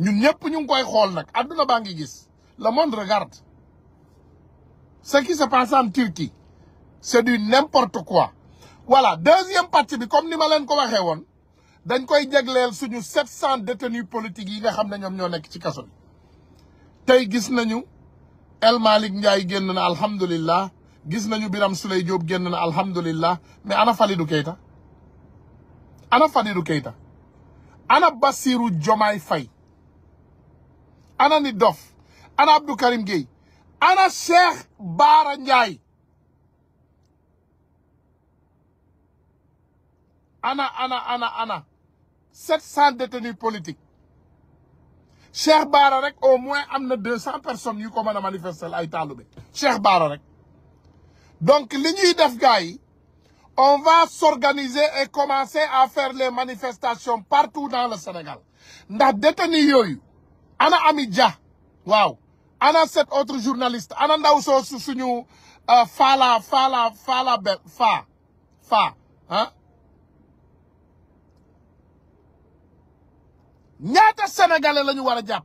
ñu ñëpp ñu ngi koy xool nag àdduna baa ngi gis le monde regarde ce qui se passe en Turquie c'est du n'importe quoi voilà deuxième partie bi comme ni ma leen ko waxee woon dañ koy jegleel suñu sept cent détenus politiques yi nga xam ne ñoom ñoo nekk ci kaso bi tey gis nañu El Malick Ndiaye génn na alhamdulillah gis nañu Biram Souley Diop génn na alhamdulillah mais ana Falidou Keita ana Falidou Keita ana Bassirou Diomaye Faye ana nit dof ana Abdou Karim Gueye ana Cheikh Baara Ndiaye ana ana ana ana sept cent détenus politiques Cheikh Baara rek au moins am na deux cent personnes yu ko mën a manifester ay taalube Cheikh Baara rek donc li ñuy def gars yi on va s'organiser et commencer à faire les manifestations partout dans le Sénégal ndax détenus yooyu ana Ami Dia waaw ana cet autre journaliste ana ndaw soosu suñu faala euh, fala faala fa fa faa ñaata sénégalais lañu ñu war a jàpp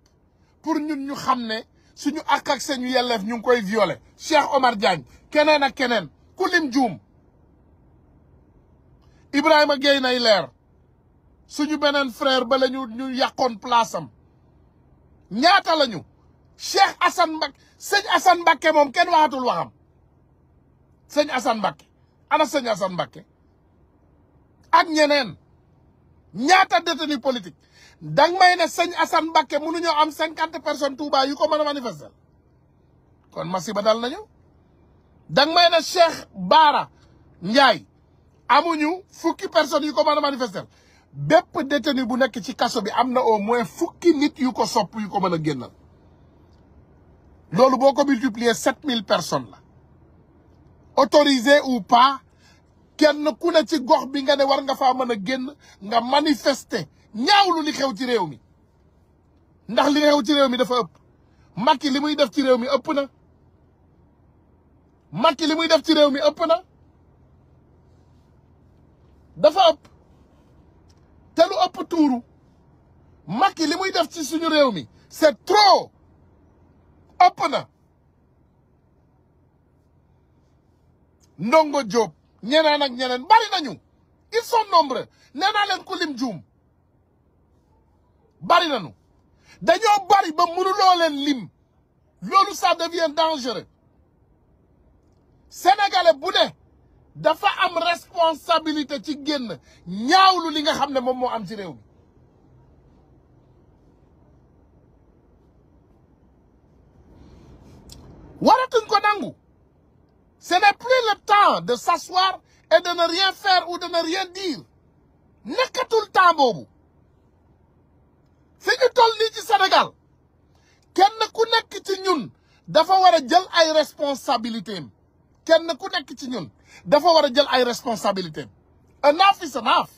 pour ñun ñu xam ne suñu ak ak seen yelleef ñu ngi koy violé Cheikh Omar Diagne keneen ak keneen ku lim juum Ibrahima Gueye nay leer suñu beneen frère ba la ñu ñu yàqoon place ñaata lañu Cheikh Assane Mbacké sëñ Assane Mbacké moom kenn waxatul waxam sëñ Assane Mbacké ana sëñ Assane Mbacké ak ñeneen ñaata détenu politique dang may na sëñ Assane Mbacké mënuñoo am cinquante personnes Touba yu ko mën a manifester kon masiba dal nañu dang may ne Cheikh Baara Ndiaye amuñu fukki personnes yu ko mën a manifester bépp détenu bu nekk ci kaso bi am na au moins fukki nit yu ko sopp yu ko mën a génnal loolu boo ko multiplier sept mille personnes la autorisé ou pas kenn ku ne ci gox bi nga ne war nga faa mën a génn nga manifester ñaawlu li xew ci réew mi ndax li xew ci réew mi dafa ëpp Macky li muy def ci réew mi ëpp na Macky li muy def ci réew mi ëpp na dafa ëpp ci suñu réew mi c'est trop ëpp na ndongo Diop ñeneen ak ñeneen bari nañu ils sont nombreux nee ku lim juum bari nañu dañoo bari ba mënuloo leen lim loolu ça devient dangereux sénégalais bu ne dafa am responsabilité ci génn ñaawlu li nga xam ne moom moo am ci réew mi waratuñ ko nangu ce n'est plus le temps de s'asseoir et de rien faire ou de ne rien dire nekkatul temps boobu fi ñu toll nii ci kenn ku nekk ci ñun dafa war a jël ay responsabilité am kenn ku nekk ci ñun dafa war a jël ay responsabilité am enough is enough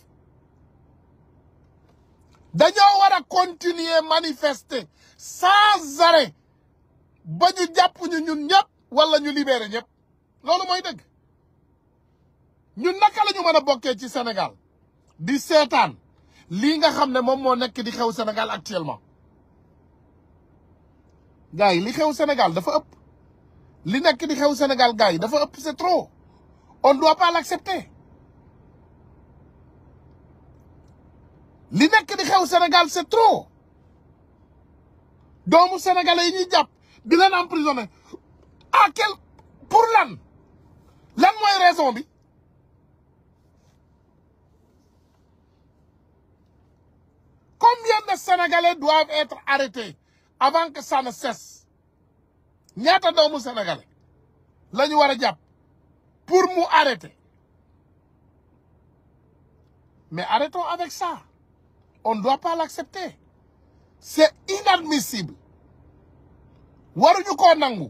dañoo war a continuer manifester sans arrêt ba ñu jàpp ñu ñun ñëpp wala ñu libéré ñëpp loolu mooy dëgg ñun naka lañu ñu mën a bokkee ci Sénégal di seetaan lii nga xam ne moom moo nekk di xew Sénégal actuellement gars yi li xew Sénégal dafa ëpp li nekk di xew Sénégal gars yi dafa ëpp c'est trop on doit pas l'accepter li nekk xew Sénégal c'est trop doomu sénégalais yi ñuy jàpp di leen emprisonné à quel pour lan lan mooy raison bi combien de sénégalais doivent être arrêtés avant que ça ne cesse ñaata doomu sénégalais lañu ñu war a jàpp pour mu arrêter mais arrêtons avec ça on ne doit pas l'accepter c'est inadmissible waruñu koo nangu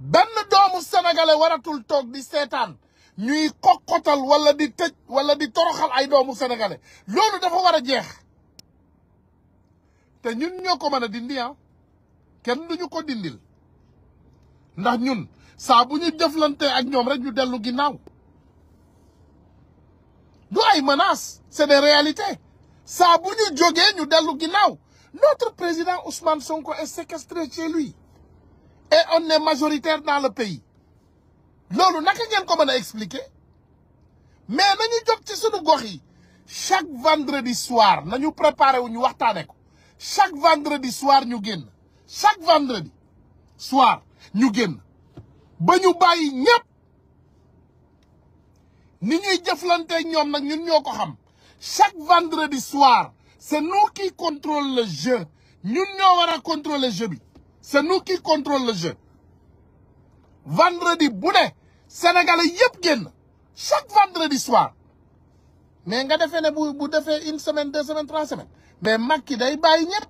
benn doomu sénégalais waratul toog di seetaan ñuy kokkotal wala di tëj wala di toroxal ay doomu sénégalais loolu dafa war a jeex te ñun ñoo ko mën a dindi ah kenn ñu ko dindil ndax ñun saa bu ñu jëflante ak ñoom rek ñu dellu ginnaaw ay menaces c'est des réalités saa bu ñu jógee ñu dellu ginnaaw notre président Ousmane Sonko est séquestré chez lui et on est majoritaire naa le pays loolu naka ngeen ko mën a expliquer mais nañu jóg ci suñu gox yi chaque vendredi soir ñu préparé wu ñu waxtaane ko chaque vendredi soir ñu génn chaque vendredi soir ñu génn ba ñu bàyyi ñëpp ni ñuy jëflanteeg ñoom nag ñun ñoo ko xam chaque vendredi soir c'est nous qui contrôle le jeu ñun ñoo war a contrôler jeu bi c'est nous qui contrôle le jeu vendredi bu ne sénégalais yëpp génn chaque vendredi soir mais nga defee ne bu bu defee une semaine deux semaines trois semaines mais Macky day bàyyi ñëpp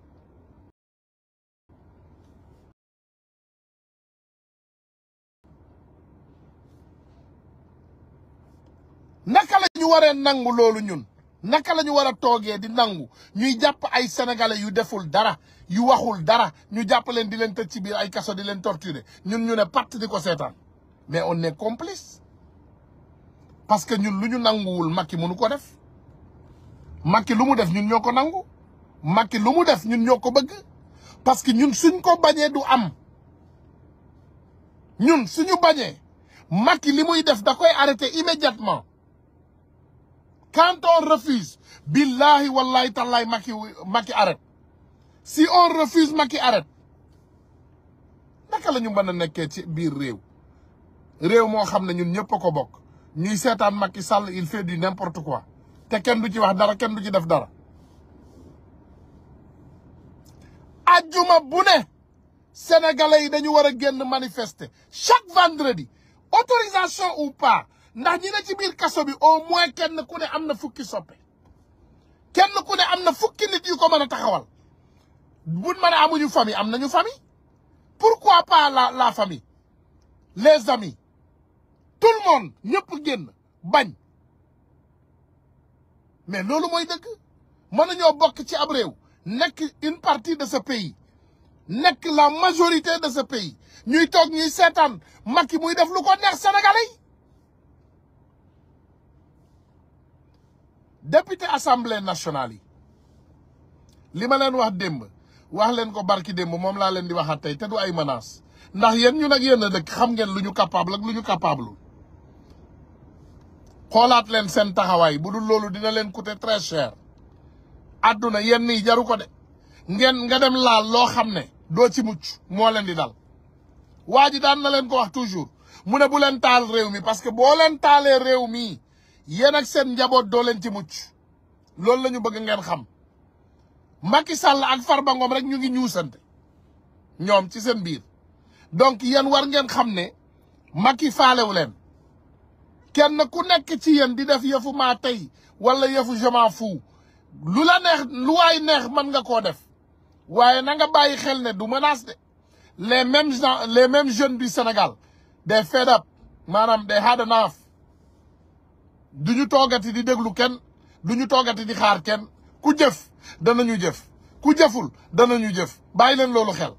naka la ñu waree nangu loolu ñun naka la ñu war a toogee di nangu ñuy jàpp ay sénégalais yu deful dara yu waxul dara ñu jàpp leen di leen tëj ci biir ay kaso di leen torturer ñun ñu ne patt di ko seetaan mais on est complice parce que ñun lu ñu nanguwul Macky mënu ko def makki lu mu def ñun ñoo ko nangu Macky lu mu def ñun ñoo ko bëgg parce que ñun suñ ko bañee du am ñun suñu bañee Macky li muy def da koy arrêter immédiatement Quand on refuse, billahi wallahi tallahi Macky, Macky arrête. Si on refuse Macky arrête. naka la ñu mën a nekkee ci biir réew réew moo xam ne ñun ñëpp ko bokk ñuy seetaan Macky Sall il fait du n'importe quoi te kenn du ci wax dara kenn du ci def dara ajjuma bu ne sénégalais yi dañu war a génn manifester chaque vendredi autorisation ou pa ndax ñi ne ci biir kaso bi au moins kenn ku ne am na fukki soppe kenn ku ne am na fukki nit yu ko mën a taxawal buñ mën a amuñu famille am nañu famille pourquoi pas la la famille les amis tout le monde génn bañ mais loolu mooy dëgg mën nañoo bokk ci ab réew nekk une partie de ce pays nekk la majorité de ce pays ñuy toog ñuy seetaan Macky muy def lu ko neex sénégalais député assemblée nationale yi li ma leen wax démb wax leen ko barki démb moom laa leen di waxaat tey te du ay menace ndax yéen ñu nag yéen a dëkk xam ngeen luñu ñu ak lu ñu capable xoolaat leen seen taxawaay bu dul loolu dina leen coûter très cher àdduna yenn yi jaru ko de ngeen nga dem laal loo xam ne doo ci mucc moo leen di dal waa ji daan na leen ko wax toujours mu ne bu leen taal réew mi parce que boo leen taalee réew mi yéen ak seen njaboot doo leen ci mucc loolu la ñu bëgg ngeen xam Macky Sall ak Farba Ngom rek ñu ngi ñuusante ñoom ci seen biir donc yéen war ngeen xam ne Macky faalewu leen kenn ku nekk ci yéen di def yëfu maa tey walla yëfu je m'en lu la neex lu waay neex mën nga koo def waaye nanga nga bàyyi xel ne du menace de les mêmes gens les mêmes jeunes du Sénégal de fed up de des du ñu toogati di déglu kenn du ñu toogati di xaar kenn ku jëf danañu jëf ku jëful danañu jëf bàyyi leen loolu xel